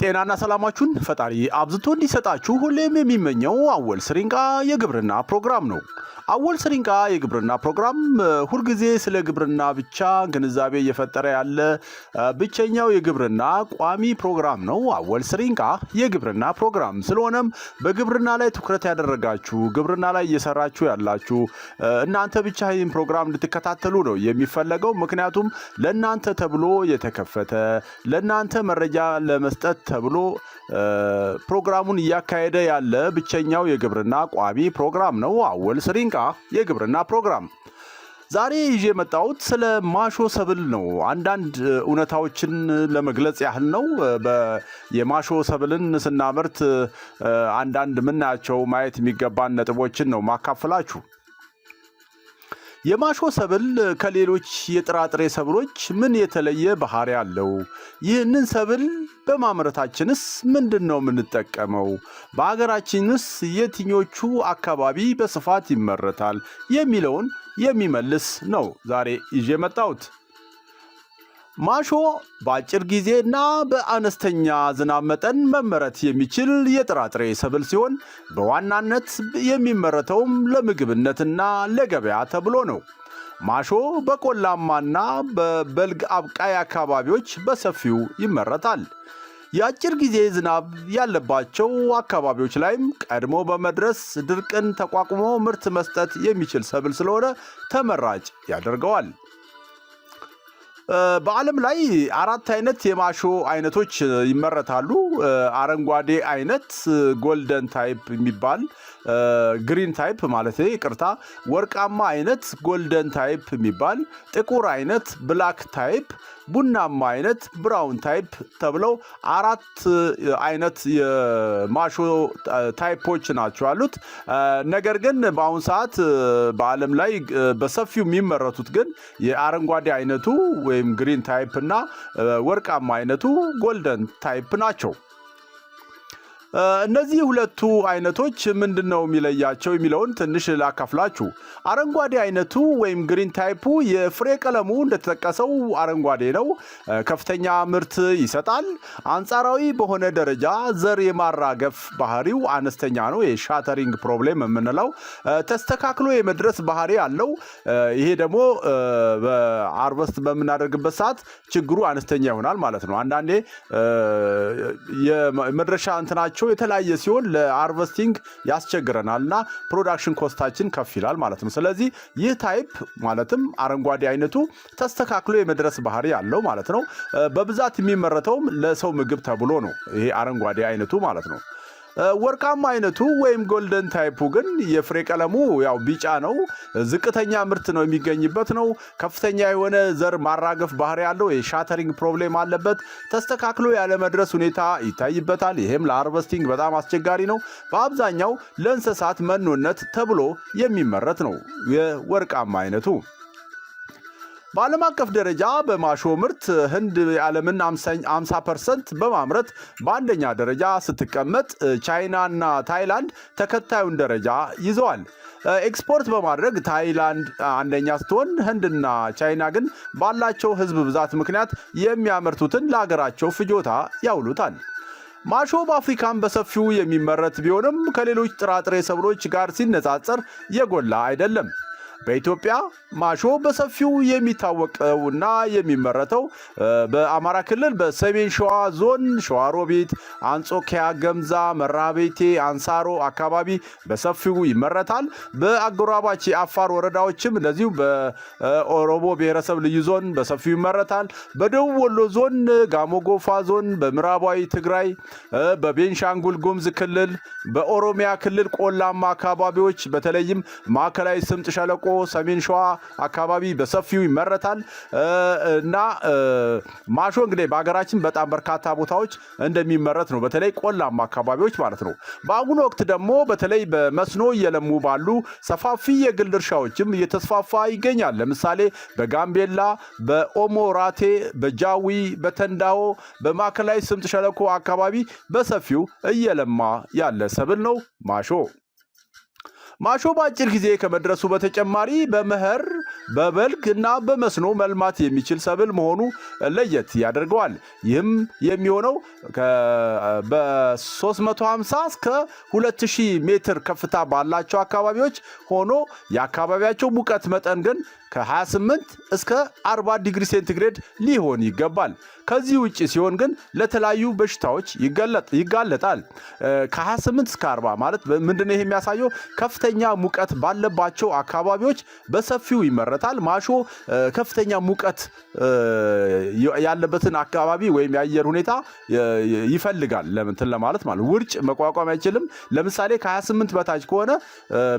ጤናና ሰላማችሁን ፈጣሪ አብዝቶ እንዲሰጣችሁ ሁሌም የሚመኘው አወል ስሪንቃ የግብርና ፕሮግራም ነው። አወል ስሪንቃ የግብርና ፕሮግራም ሁልጊዜ ስለ ግብርና ብቻ ግንዛቤ እየፈጠረ ያለ ብቸኛው የግብርና ቋሚ ፕሮግራም ነው። አወል ስሪንቃ የግብርና ፕሮግራም ስለሆነም በግብርና ላይ ትኩረት ያደረጋችሁ፣ ግብርና ላይ እየሰራችሁ ያላችሁ እናንተ ብቻ ይህን ፕሮግራም እንድትከታተሉ ነው የሚፈለገው። ምክንያቱም ለእናንተ ተብሎ የተከፈተ ለእናንተ መረጃ ለመስጠት ተብሎ ፕሮግራሙን እያካሄደ ያለ ብቸኛው የግብርና ቋሚ ፕሮግራም ነው፣ አወል ስሪንቃ የግብርና ፕሮግራም። ዛሬ ይዤ የመጣሁት ስለ ማሾ ሰብል ነው። አንዳንድ እውነታዎችን ለመግለጽ ያህል ነው። የማሾ ሰብልን ስናመርት አንዳንድ ምናያቸው ማየት የሚገባን ነጥቦችን ነው ማካፍላችሁ። የማሾ ሰብል ከሌሎች የጥራጥሬ ሰብሎች ምን የተለየ ባህሪ አለው? ይህንን ሰብል በማምረታችንስ ምንድን ነው የምንጠቀመው? በሀገራችንስ የትኞቹ አካባቢ በስፋት ይመረታል? የሚለውን የሚመልስ ነው ዛሬ ይዤ መጣሁት። ማሾ በአጭር ጊዜ በአነስተኛ ዝናብ መጠን መመረት የሚችል የጥራጥሬ ሰብል ሲሆን በዋናነት የሚመረተውም ለምግብነትና ለገበያ ተብሎ ነው። ማሾ በቆላማና በበልግ አብቃይ አካባቢዎች በሰፊው ይመረታል። የአጭር ጊዜ ዝናብ ያለባቸው አካባቢዎች ላይም ቀድሞ በመድረስ ድርቅን ተቋቁሞ ምርት መስጠት የሚችል ሰብል ስለሆነ ተመራጭ ያደርገዋል። በዓለም ላይ አራት አይነት የማሾ አይነቶች ይመረታሉ። አረንጓዴ አይነት ጎልደን ታይፕ የሚባል ግሪን ታይፕ ማለት ይቅርታ፣ ወርቃማ አይነት ጎልደን ታይፕ የሚባል ጥቁር አይነት ብላክ ታይፕ፣ ቡናማ አይነት ብራውን ታይፕ ተብለው አራት አይነት የማሾ ታይፖች ናቸው አሉት። ነገር ግን በአሁን ሰዓት በዓለም ላይ በሰፊው የሚመረቱት ግን የአረንጓዴ አይነቱ ወይም ግሪን ታይፕ እና ወርቃማ አይነቱ ጎልደን ታይፕ ናቸው። እነዚህ ሁለቱ አይነቶች ምንድን ነው የሚለያቸው የሚለውን ትንሽ ላካፍላችሁ። አረንጓዴ አይነቱ ወይም ግሪን ታይፑ የፍሬ ቀለሙ እንደተጠቀሰው አረንጓዴ ነው፣ ከፍተኛ ምርት ይሰጣል። አንጻራዊ በሆነ ደረጃ ዘር የማራገፍ ባህሪው አነስተኛ ነው። የሻተሪንግ ፕሮብሌም የምንለው ተስተካክሎ የመድረስ ባህሪ አለው። ይሄ ደግሞ በአርቨስት በምናደርግበት ሰዓት ችግሩ አነስተኛ ይሆናል ማለት ነው። አንዳንዴ የመድረሻ እንትናቸው ኮስታቸው የተለያየ ሲሆን ለአርቨስቲንግ ያስቸግረናል እና ፕሮዳክሽን ኮስታችን ከፍ ይላል ማለት ነው። ስለዚህ ይህ ታይፕ ማለትም አረንጓዴ አይነቱ ተስተካክሎ የመድረስ ባህሪ ያለው ማለት ነው። በብዛት የሚመረተውም ለሰው ምግብ ተብሎ ነው። ይሄ አረንጓዴ አይነቱ ማለት ነው። ወርቃማ አይነቱ ወይም ጎልደን ታይፑ ግን የፍሬ ቀለሙ ያው ቢጫ ነው። ዝቅተኛ ምርት ነው የሚገኝበት ነው። ከፍተኛ የሆነ ዘር ማራገፍ ባህሪ ያለው የሻተሪንግ ፕሮብሌም አለበት። ተስተካክሎ ያለመድረስ ሁኔታ ይታይበታል። ይህም ለአርቨስቲንግ በጣም አስቸጋሪ ነው። በአብዛኛው ለእንስሳት መኖነት ተብሎ የሚመረት ነው የወርቃማ አይነቱ። በዓለም አቀፍ ደረጃ በማሾ ምርት ህንድ የዓለምን 50 ፐርሰንት በማምረት በአንደኛ ደረጃ ስትቀመጥ፣ ቻይናና ታይላንድ ተከታዩን ደረጃ ይዘዋል። ኤክስፖርት በማድረግ ታይላንድ አንደኛ ስትሆን ህንድና ቻይና ግን ባላቸው ህዝብ ብዛት ምክንያት የሚያመርቱትን ለሀገራቸው ፍጆታ ያውሉታል። ማሾ በአፍሪካም በሰፊው የሚመረት ቢሆንም ከሌሎች ጥራጥሬ ሰብሎች ጋር ሲነጻጸር የጎላ አይደለም። በኢትዮጵያ ማሾ በሰፊው የሚታወቀውና የሚመረተው በአማራ ክልል በሰሜን ሸዋ ዞን ሸዋሮቢት፣ አንጾኪያ፣ ገምዛ፣ መራቤቴ፣ አንሳሮ አካባቢ በሰፊው ይመረታል። በአጎራባች የአፋር ወረዳዎችም እንደዚሁ በኦሮሞ ብሔረሰብ ልዩ ዞን በሰፊው ይመረታል። በደቡብ ወሎ ዞን፣ ጋሞጎፋ ዞን፣ በምዕራባዊ ትግራይ፣ በቤንሻንጉል ጉምዝ ክልል፣ በኦሮሚያ ክልል ቆላማ አካባቢዎች በተለይም ማዕከላዊ ስምጥ ሸለቆ ሰሜን ሸዋ አካባቢ በሰፊው ይመረታል እና ማሾ እንግዲህ በሀገራችን በጣም በርካታ ቦታዎች እንደሚመረት ነው። በተለይ ቆላማ አካባቢዎች ማለት ነው። በአሁኑ ወቅት ደግሞ በተለይ በመስኖ እየለሙ ባሉ ሰፋፊ የግል እርሻዎችም እየተስፋፋ ይገኛል። ለምሳሌ በጋምቤላ፣ በኦሞራቴ፣ በጃዊ፣ በተንዳሆ፣ በማዕከላዊ ስምጥ ሸለቆ አካባቢ በሰፊው እየለማ ያለ ሰብል ነው ማሾ። ማሾ በአጭር ጊዜ ከመድረሱ በተጨማሪ በመኸር በበልግ እና በመስኖ መልማት የሚችል ሰብል መሆኑ ለየት ያደርገዋል። ይህም የሚሆነው በ350 እስከ 2000 ሜትር ከፍታ ባላቸው አካባቢዎች ሆኖ የአካባቢያቸው ሙቀት መጠን ግን ከ28 እስከ 40 ዲግሪ ሴንቲግሬድ ሊሆን ይገባል። ከዚህ ውጭ ሲሆን ግን ለተለያዩ በሽታዎች ይጋለጣል። ከ28 እስከ 40 ማለት ምንድነው? ይሄ የሚያሳየው ከፍተኛ ሙቀት ባለባቸው አካባቢዎች በሰፊው ይመረታል። ማሾ ከፍተኛ ሙቀት ያለበትን አካባቢ ወይም የአየር ሁኔታ ይፈልጋል ለምንትን ለማለት ማለት ውርጭ መቋቋም አይችልም። ለምሳሌ ከ28 በታች ከሆነ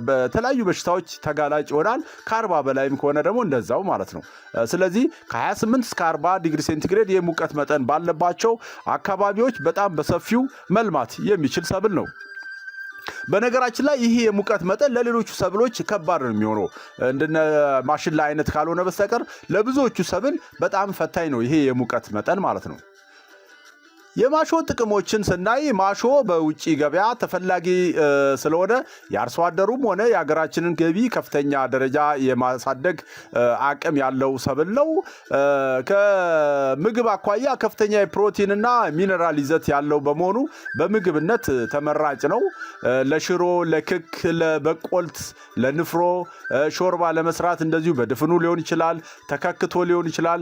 በተለያዩ በሽታዎች ተጋላጭ ይሆናል። ከ40 በላይም ከሆነ ደግሞ እንደዛው ማለት ነው። ስለዚህ ከ28 እስከ 40 ዲግሪ ሴንቲግሬድ የሙቀት መጠን ባለባቸው አካባቢዎች በጣም በሰፊው መልማት የሚችል ሰብል ነው። በነገራችን ላይ ይህ የሙቀት መጠን ለሌሎቹ ሰብሎች ከባድ ነው የሚሆነው እንደነ ማሽላ አይነት ካልሆነ በስተቀር ለብዙዎቹ ሰብል በጣም ፈታኝ ነው ይሄ የሙቀት መጠን ማለት ነው። የማሾ ጥቅሞችን ስናይ ማሾ በውጭ ገበያ ተፈላጊ ስለሆነ የአርሶ አደሩም ሆነ የሀገራችንን ገቢ ከፍተኛ ደረጃ የማሳደግ አቅም ያለው ሰብል ነው። ከምግብ አኳያ ከፍተኛ የፕሮቲንና ሚነራል ይዘት ያለው በመሆኑ በምግብነት ተመራጭ ነው። ለሽሮ፣ ለክክ፣ ለበቆልት፣ ለንፍሮ ሾርባ ለመስራት እንደዚሁ በድፍኑ ሊሆን ይችላል፣ ተከክቶ ሊሆን ይችላል።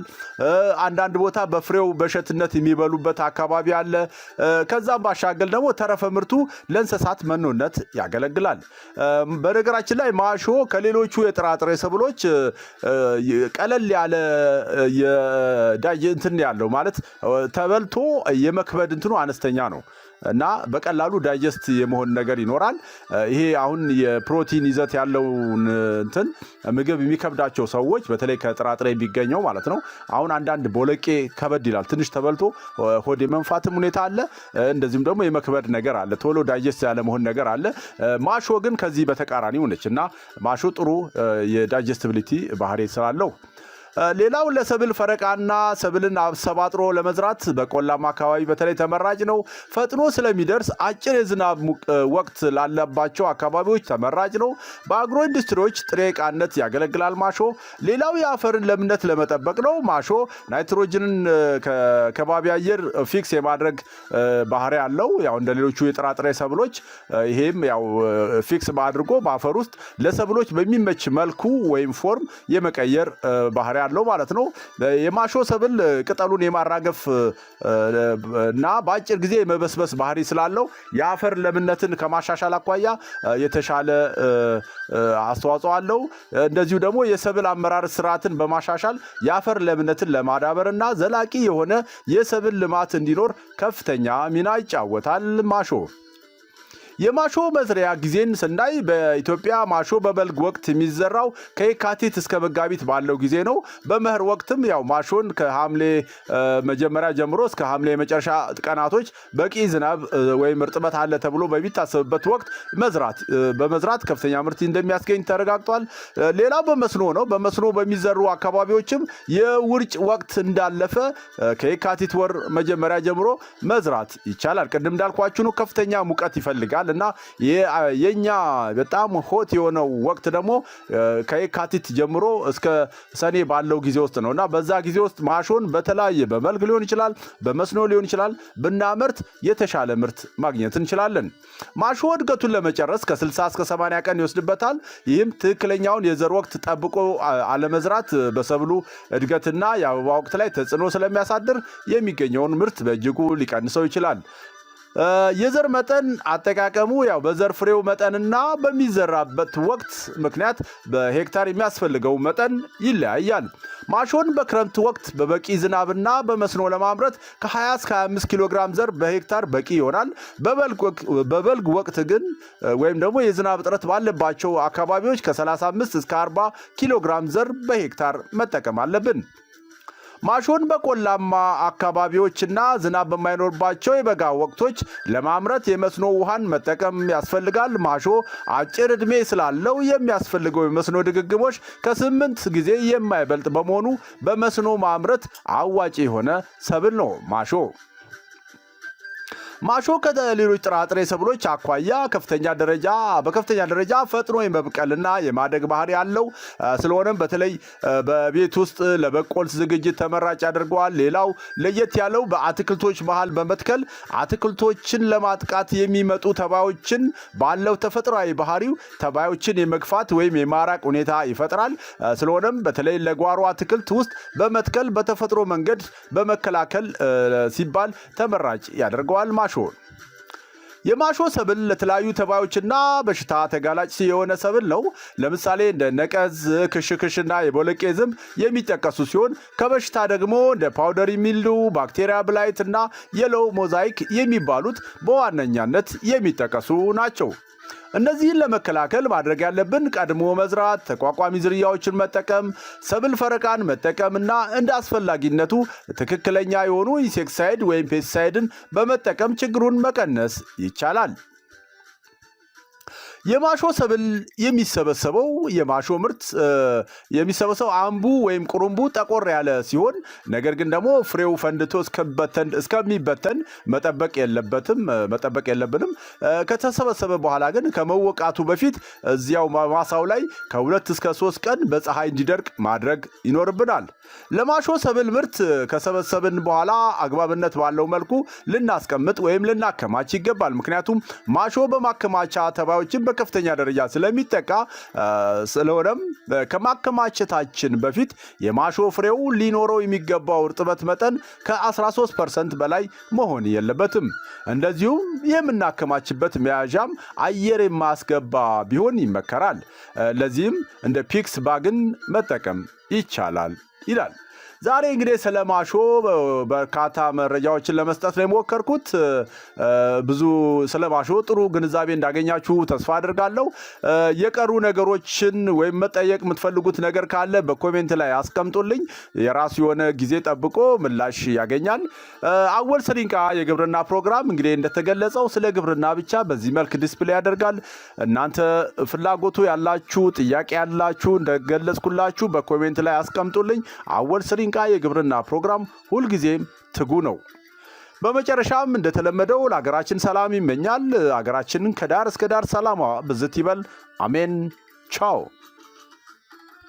አንዳንድ ቦታ በፍሬው በሸትነት የሚበሉበት አካባቢ አካባቢ አለ። ከዛም ባሻገል ደግሞ ተረፈ ምርቱ ለእንስሳት መኖነት ያገለግላል። በነገራችን ላይ ማሾ ከሌሎቹ የጥራጥሬ ሰብሎች ቀለል ያለ እንትን ያለው ማለት ተበልቶ የመክበድ እንትኑ አነስተኛ ነው። እና በቀላሉ ዳይጀስት የመሆን ነገር ይኖራል። ይሄ አሁን የፕሮቲን ይዘት ያለውን እንትን ምግብ የሚከብዳቸው ሰዎች በተለይ ከጥራጥሬ የሚገኘው ማለት ነው። አሁን አንዳንድ ቦለቄ ከበድ ይላል። ትንሽ ተበልቶ ሆድ የመንፋትም ሁኔታ አለ። እንደዚሁም ደግሞ የመክበድ ነገር አለ። ቶሎ ዳይጀስት ያለመሆን ነገር አለ። ማሾ ግን ከዚህ በተቃራኒ ሆነች እና ማሾ ጥሩ የዳይጀስቲቢሊቲ ባህሪ ስላለው ሌላው ለሰብል ፈረቃና ሰብልን አሰባጥሮ ለመዝራት በቆላማ አካባቢ በተለይ ተመራጭ ነው። ፈጥኖ ስለሚደርስ አጭር የዝናብ ወቅት ላለባቸው አካባቢዎች ተመራጭ ነው። በአግሮ ኢንዱስትሪዎች ጥሬ ዕቃነት ያገለግላል። ማሾ ሌላው የአፈርን ለምነት ለመጠበቅ ነው። ማሾ ናይትሮጅንን ከባቢ አየር ፊክስ የማድረግ ባህሪ አለው። ያው እንደ ሌሎቹ የጥራጥሬ ሰብሎች ይሄም ያው ፊክስ አድርጎ በአፈር ውስጥ ለሰብሎች በሚመች መልኩ ወይም ፎርም የመቀየር ባህሪ ያለው ማለት ነው። የማሾ ሰብል ቅጠሉን የማራገፍ እና በአጭር ጊዜ የመበስበስ ባህሪ ስላለው የአፈር ለምነትን ከማሻሻል አኳያ የተሻለ አስተዋጽኦ አለው። እንደዚሁ ደግሞ የሰብል አመራር ስርዓትን በማሻሻል የአፈር ለምነትን ለማዳበር እና ዘላቂ የሆነ የሰብል ልማት እንዲኖር ከፍተኛ ሚና ይጫወታል ማሾ የማሾ መዝሪያ ጊዜን ስናይ በኢትዮጵያ ማሾ በበልግ ወቅት የሚዘራው ከየካቲት እስከ መጋቢት ባለው ጊዜ ነው። በመኸር ወቅትም ያው ማሾን ከሐምሌ መጀመሪያ ጀምሮ እስከ ሐምሌ የመጨረሻ ቀናቶች በቂ ዝናብ ወይም እርጥበት አለ ተብሎ በሚታሰብበት ወቅት መዝራት በመዝራት ከፍተኛ ምርት እንደሚያስገኝ ተረጋግጧል። ሌላው በመስኖ ነው። በመስኖ በሚዘሩ አካባቢዎችም የውርጭ ወቅት እንዳለፈ ከየካቲት ወር መጀመሪያ ጀምሮ መዝራት ይቻላል። ቅድም እንዳልኳችሁ ነው፣ ከፍተኛ ሙቀት ይፈልጋል። ይመስላል እና የኛ በጣም ሆት የሆነው ወቅት ደግሞ ከየካቲት ጀምሮ እስከ ሰኔ ባለው ጊዜ ውስጥ ነው እና በዛ ጊዜ ውስጥ ማሾን በተለያየ በመልክ ሊሆን ይችላል፣ በመስኖ ሊሆን ይችላል ብናመርት የተሻለ ምርት ማግኘት እንችላለን። ማሾ እድገቱን ለመጨረስ ከ60 እስከ 80 ቀን ይወስድበታል። ይህም ትክክለኛውን የዘር ወቅት ጠብቆ አለመዝራት በሰብሉ እድገትና የአበባ ወቅት ላይ ተጽዕኖ ስለሚያሳድር የሚገኘውን ምርት በእጅጉ ሊቀንሰው ይችላል። የዘር መጠን አጠቃቀሙ ያው በዘር ፍሬው መጠንና በሚዘራበት ወቅት ምክንያት በሄክታር የሚያስፈልገው መጠን ይለያያል። ማሾን በክረምት ወቅት በበቂ ዝናብና በመስኖ ለማምረት ከ20 እስከ 25 ኪሎ ግራም ዘር በሄክታር በቂ ይሆናል። በበልግ ወቅት ግን ወይም ደግሞ የዝናብ እጥረት ባለባቸው አካባቢዎች ከ35 እስከ 40 ኪሎ ግራም ዘር በሄክታር መጠቀም አለብን። ማሾን በቆላማ አካባቢዎችና ዝናብ በማይኖርባቸው የበጋ ወቅቶች ለማምረት የመስኖ ውሃን መጠቀም ያስፈልጋል። ማሾ አጭር ዕድሜ ስላለው የሚያስፈልገው የመስኖ ድግግሞች ከስምንት ጊዜ የማይበልጥ በመሆኑ በመስኖ ማምረት አዋጭ የሆነ ሰብል ነው ማሾ። ማሾ ከሌሎች ጥራጥሬ ሰብሎች አኳያ ከፍተኛ ደረጃ በከፍተኛ ደረጃ ፈጥኖ የመብቀልና የማደግ ባህሪ ያለው ስለሆነም በተለይ በቤት ውስጥ ለበቆል ዝግጅት ተመራጭ ያደርገዋል። ሌላው ለየት ያለው በአትክልቶች መሃል በመትከል አትክልቶችን ለማጥቃት የሚመጡ ተባዮችን ባለው ተፈጥሯዊ ባህሪው ተባዮችን የመግፋት ወይም የማራቅ ሁኔታ ይፈጥራል። ስለሆነም በተለይ ለጓሮ አትክልት ውስጥ በመትከል በተፈጥሮ መንገድ በመከላከል ሲባል ተመራጭ ያደርገዋል። ማሾ የማሾ ሰብል ለተለያዩ ተባዮችና በሽታ ተጋላጭ የሆነ ሰብል ነው። ለምሳሌ እንደ ነቀዝ፣ ክሽክሽና የቦለቄ ዝንብ የሚጠቀሱ ሲሆን ከበሽታ ደግሞ እንደ ፓውደር ሚልዱ፣ ባክቴሪያ ብላይት እና የሎው ሞዛይክ የሚባሉት በዋነኛነት የሚጠቀሱ ናቸው። እነዚህን ለመከላከል ማድረግ ያለብን ቀድሞ መዝራት፣ ተቋቋሚ ዝርያዎችን መጠቀም፣ ሰብል ፈረቃን መጠቀም እና እንደ አስፈላጊነቱ ትክክለኛ የሆኑ ኢንሴክሳይድ ወይም ፔስሳይድን በመጠቀም ችግሩን መቀነስ ይቻላል። የማሾ ሰብል የሚሰበሰበው የማሾ ምርት የሚሰበሰበው አምቡ ወይም ቁሩምቡ ጠቆር ያለ ሲሆን ነገር ግን ደግሞ ፍሬው ፈንድቶ እስከሚበተን መጠበቅ የለበትም መጠበቅ የለብንም። ከተሰበሰበ በኋላ ግን ከመወቃቱ በፊት እዚያው ማሳው ላይ ከሁለት እስከ ሶስት ቀን በፀሐይ እንዲደርቅ ማድረግ ይኖርብናል። ለማሾ ሰብል ምርት ከሰበሰብን በኋላ አግባብነት ባለው መልኩ ልናስቀምጥ ወይም ልናከማች ይገባል። ምክንያቱም ማሾ በማከማቻ ተባዮችን በከፍተኛ ደረጃ ስለሚጠቃ ስለሆነም ከማከማቸታችን በፊት የማሾ ፍሬው ሊኖረው የሚገባው እርጥበት መጠን ከ13 ፐርሰንት በላይ መሆን የለበትም። እንደዚሁም የምናከማችበት መያዣም አየር የማስገባ ቢሆን ይመከራል። ለዚህም እንደ ፒክስ ባግን መጠቀም ይቻላል ይላል። ዛሬ እንግዲህ ስለ ማሾ በርካታ መረጃዎችን ለመስጠት ነው የሞከርኩት። ብዙ ስለ ማሾ ጥሩ ግንዛቤ እንዳገኛችሁ ተስፋ አድርጋለሁ። የቀሩ ነገሮችን ወይም መጠየቅ የምትፈልጉት ነገር ካለ በኮሜንት ላይ አስቀምጡልኝ። የራሱ የሆነ ጊዜ ጠብቆ ምላሽ ያገኛል። አወል ስሪንቃ የግብርና ፕሮግራም እንግዲህ እንደተገለጸው ስለ ግብርና ብቻ በዚህ መልክ ዲስፕሌ ያደርጋል። እናንተ ፍላጎቱ ያላችሁ ጥያቄ ያላችሁ እንደገለጽኩላችሁ በኮሜንት ላይ አስቀምጡልኝ። አወል ስሪንቃ የዲንቃ የግብርና ፕሮግራም ሁልጊዜም ትጉ ነው። በመጨረሻም እንደተለመደው ለሀገራችን ሰላም ይመኛል። ሀገራችንን ከዳር እስከ ዳር ሰላሟ ብዝት ይበል። አሜን። ቻው